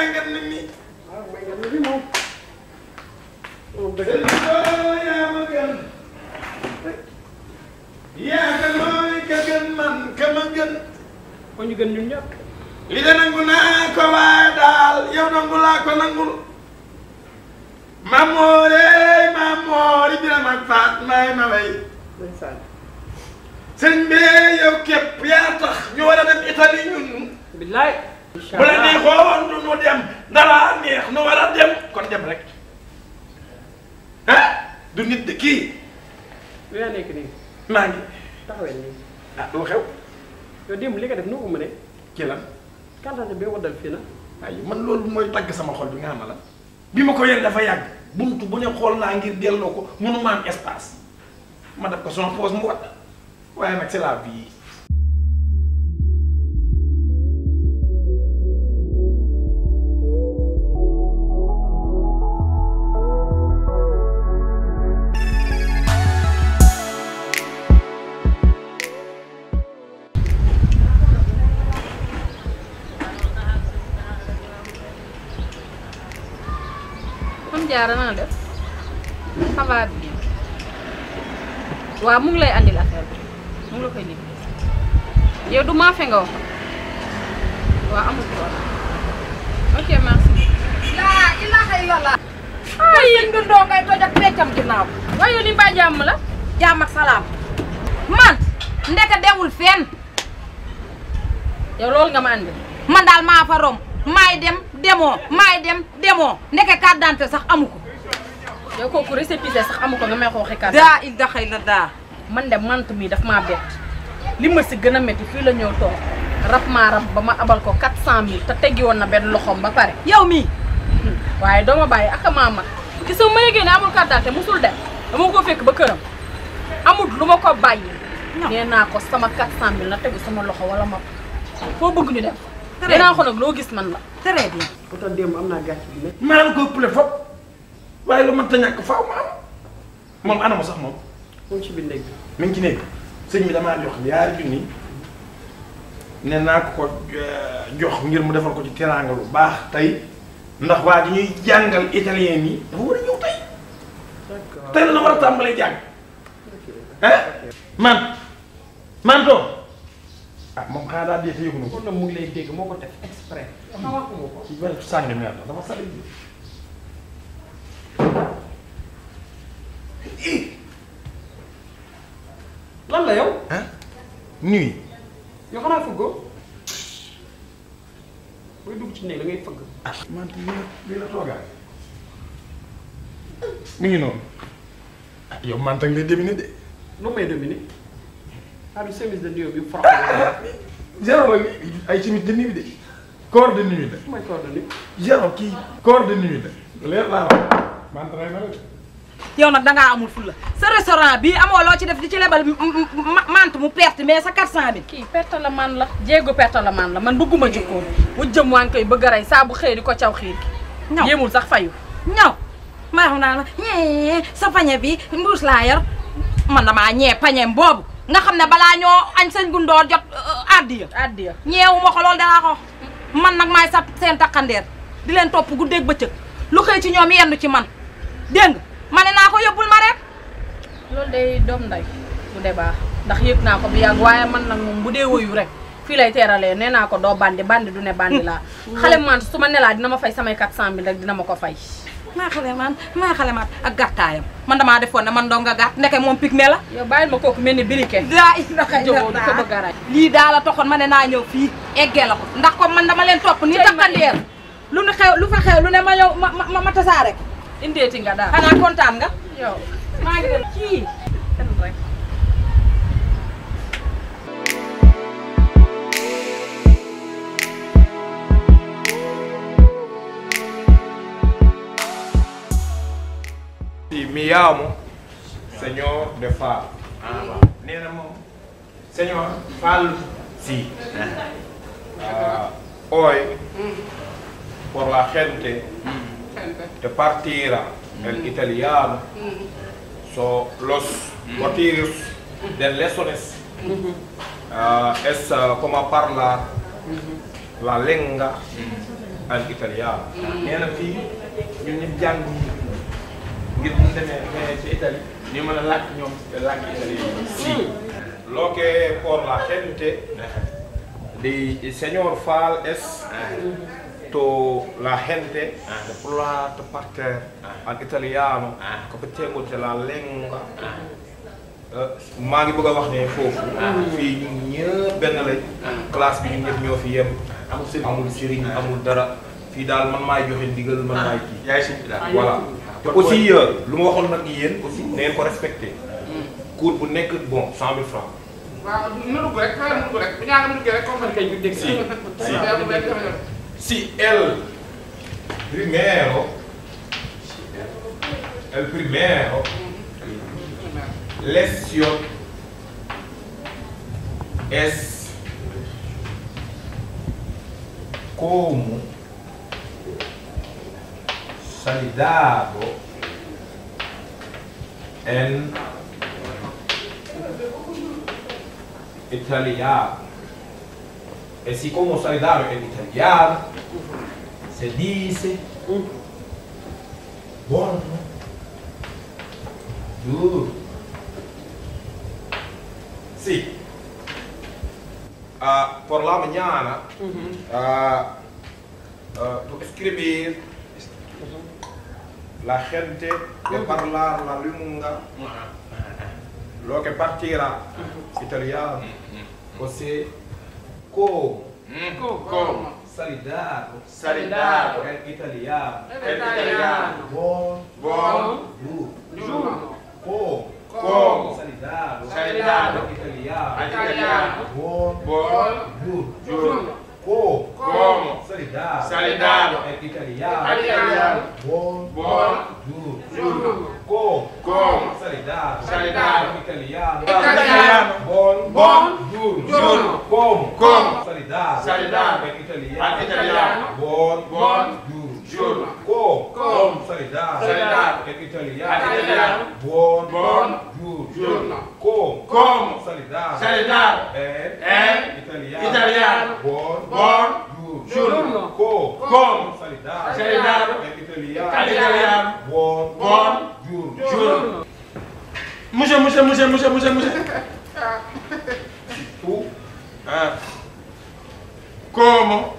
may ngeen nit ñi. waaw may ngeen nit ñi moom. moom dëgg la te yaa ma gën. yaa ka nooy ka gën man ka ma gën. ko ñu gën ñun ñëpp. li de nangu naa ko waaye daal yow nangu laa ko nangul. Mamoore Mamoore Birame ak Faat may ma way. sëñ bi yow képp yaa tax ñu war a dem Italie ñun. billaay. bu la neexoon nu dem dara neex nu war dem kon dem rek ah du nit de kii. lu yaa nekk nii. maa ngi. taxawee nii. ah lu xew. yow démb li nga def noo ko mënee. ci lan. kàllaate bee waddal fii na. ay man loolu mooy tagg sama xol bi nga xam la bi ma ko yëg dafa yàgg buntu bu ñu xool naa ngir delloo ko mënu espace ma def ko sama poche mu wadd waaye nag c'est la vie. jaara na def ça va bien waaw mu lay andil affaire bi mu la koy nit yow du maafe nga wax waaw amul problème ok merci. laa ilaha illallah. ay sëñ bi ngay toj ak ginnaaw. waaye yow li mbaa jàmm la. jàmm ak salaam. man ndeka dewul fenn. yow loolu nga ma andi. man daal maa fa rom maay dem. demoo maay dem demoo ndeke carte d'identité sax amu ko. yow kooku sax amu ko nga may ko waxee carte daa il daxay la daa. man de mant mi daf ma bett li ma si gën a métti fii la ñëw toog rab maa rab ba ma abal ko 400000 te teggi woon na benn loxoom ba pare. yow mii. waaye doo ma ma yeggee ne amul carte ko fekk ba këram amul lu ma ko bàyyi. nee naa ko sama 400000 na tegu sama loxo wala ma foo bëgg ñu dem. nee naa ko nag loo gis man la. très bien. pourtant am naa gàcce bi ne. maa la koy ëppale fop waaye lu mënta ñàkk faaw ma am moom anama sax moom. mu ngi ci biir néeg mi ngi ci néeg sëñ bi damaa jox ñaari junni ne naa ko euh, jox ngir mu defal ko ci teraanga lu baax tey ndax waa ji ñuy jàngal italien yi dafa war a ñëw tey. tey la war a tàmbalee jàng. ah man man toog. ah moom xanaa daal dee te yëgu na ko. mu ngi lay dégg moo ko def exprès. xaw ma ko ko. ci wàllu sànq mi la dama sànq. yow. ah dugg ci nekk da ngay fëgg. ah man lii la toogaay. mi ngi noonu. ah yow man tam ngay dominer de. nu may dominer. Habib chemise de ay chemise de nuit nag dangaa amul fulla sa restaurant bii amoo loo ci def di ci lebal mante mu perte mais sa bi kii perte la man la jéego perte la man la man bëgguma jikkoon mu jëm waan koy bëgg a rey saa bu xëy di ko caw xiir gi. ñaw yéemul sax fayu. ñaw maa xam naa la sa pañe bi mbuus laa yar man damaa ñee pañeem boobu. nga xam ne balaa ñoo añ sañ gundoor jot euh, addiya addiya ñeewu ma ko loolu danaa ko man nag maay sa seen takkandeer di leen topp guddeeg bëccëg lu xëy ci ñoom yendu ci man dégg nga ne naa ko yóbbul ma rek loolu day doom nday bu dee baax ndax yëg naa ko bu yàgg waaye man nag moom bu dee woyu rek fii lay teeralee nee naa ko doo bandi bandi du ne bandi laa xale man su ma nelaa dina ma fay samay 400000 rek dina ma ko fay maa xale man maa xale man ak gàttaayam man damaa defoon ne man dong nga gàtt ndeke moom pygmée la. yow bàyyil ma kooku mel ni briquet. daa it naka la lii daa la toxoon ma ne naa ñëw fii eggee la ko ndax comme man dama leen topp ni takkandeer lu nu xew lu fa xew lu ne ma yow ma ma ma tasaare ko. indeeti nga daal xanaa kontaan nga. yow maa ngi kii. miyaamu señor de Fall ah, nee señor Fall si ah, por la gente te partira el mm. italiano mm. so los motivos mm. de lesones ah, es como parla la lengua al italiano nee na fii ñun ñëpp ngir bu ñu demee ci Italie ñu mën a làkk ñoom si. Locke por la gente di signor Fall es eh, to la gente eh, plata parte an ah. italiano ko ah. petego te la lengua eh, maa ngi bëgg a wax ne foofu ah. fii ñun ñëpp benn lañ classe bi ñun ñëpp ñoo fi yem amul sëriñ amul dara fii daal man maay joxe ndigal man maay yaay sëriñ daal te aussi euh, lu ma waxoon nag yéen aussi na ngeen ko respecté. Hmm. cours bu nekk bon cent mille francs. si el primero el primero lesión Sanidad en italiano. Así como saludar en italiano, se dice buono, duro. Sí. Uh, por la mañana, uh, ah, uh, ah, escribir, la gente de parlare la lunga lo che partirà italiano você como como solidário solidário é italiano é italiano bom bom giuro como como Solidário. Solidário. É italiano. Italiano. Bom. Bom. Duro. Duro. Com. Com. Solidário. Solidário. Italiano. Italiano. Bom. Bom. Duro. Duro. Com. Com. Solidário. Solidário. É italiano. Italiano. Bom. Bom. Duro. Duro. Com. Com. Solidário. Solidário. É italiano. Italiano. Bom. Bom. Duro. Duro. Com. Com. Solidário. Solidário. É. É. Italiano. Italiano. Bom. Bom. Júlio, Co, Com, Solidário, Solidário, Equitaliano, Caligariano, Bom, Bom, Juro, Juro. Muxa, muxa, muxa, muxa, muxa, muxa. Tu. Ah. Como.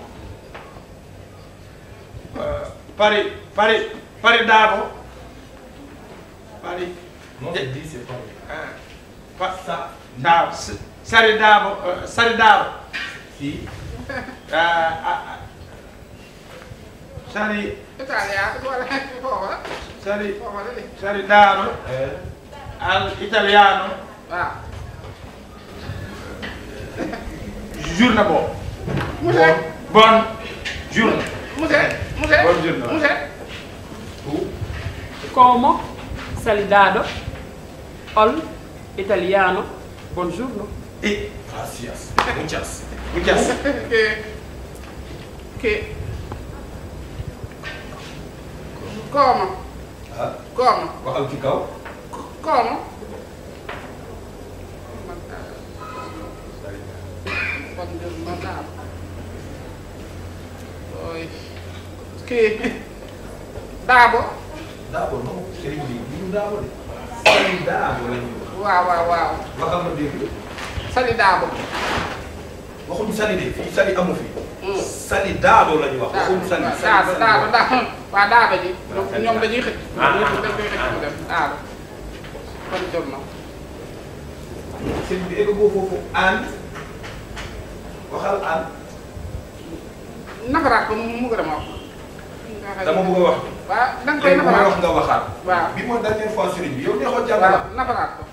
Uh, pari, pari, pari davo. Pari. Não se disse, pari. Ah. Pa, Sa, davo. Sari davo, uh, sari davo. Si. sari italiano walla sari sari daaro al italiano waaw ah. journée boobu monsieur bonne journée monsieur monsieur bonne journée monsieur como al italiano buongiorno e gracias muchas muchas che kooma kooma ah? waxal ci kaw kooma kii daabo daabo non sëriñ bi ñu daabo de sëriñ daabo lañuy wax waaw waaw waaw waxal ma dégg sali daabo waxuñu sali de fii sali amu fi. sali daado la wax. waxuñu sali daado daado daado waaw daado ji. ñoom dañuy ah. jot na. sëñ bi énu ko foofu aan waxal aan. nafaraat ba mu gën a ma wax. dama bëgg a wax. waaw koy nafaraat bi mooy dernière fois bi yow neexoo jàll. waaw nafaraat ko.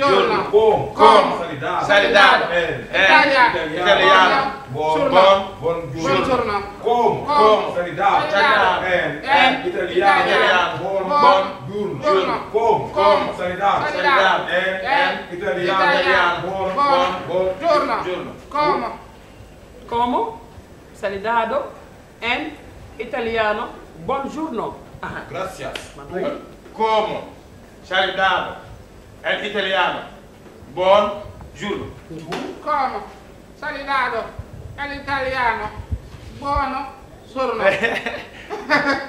Jola, Bom, Com, Salidado, Salidado Italiano, Italiano, Bon, Bon, Buongiorno, Buongiorno, Com, Com, Salidado, Salidado, En, En, Italiano, Italiano, Bon, Bon, Giorno, Com, Com, Salidado, Salidado, En, eh. En, eh. eh. Italiano, Italiano, Bon, Bon, Buongiorno, Giorno, Com, Como, Salidado, En, Italiano, Buongiorno. Gracias. Como, Salidado. è l'italiano. Buongiorno. Buongiorno. Salitato. È l'italiano. Buono. Sorno.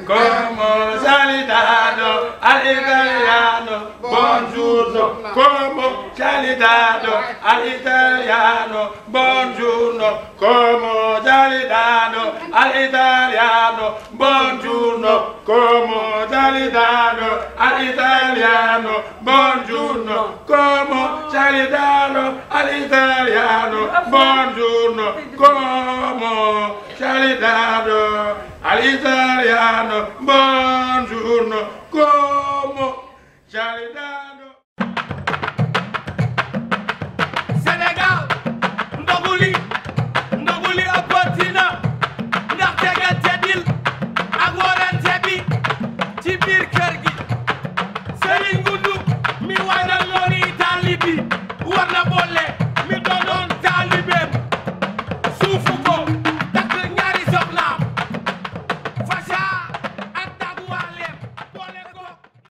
Como saludado al italiano, buongiorno. Como saludado al italiano, buongiorno. Como saludado al italiano, buongiorno. Como saludado al italiano, buongiorno. Como saludado al italiano, buongiorno. Como saludado all'italiano, buongiorno, come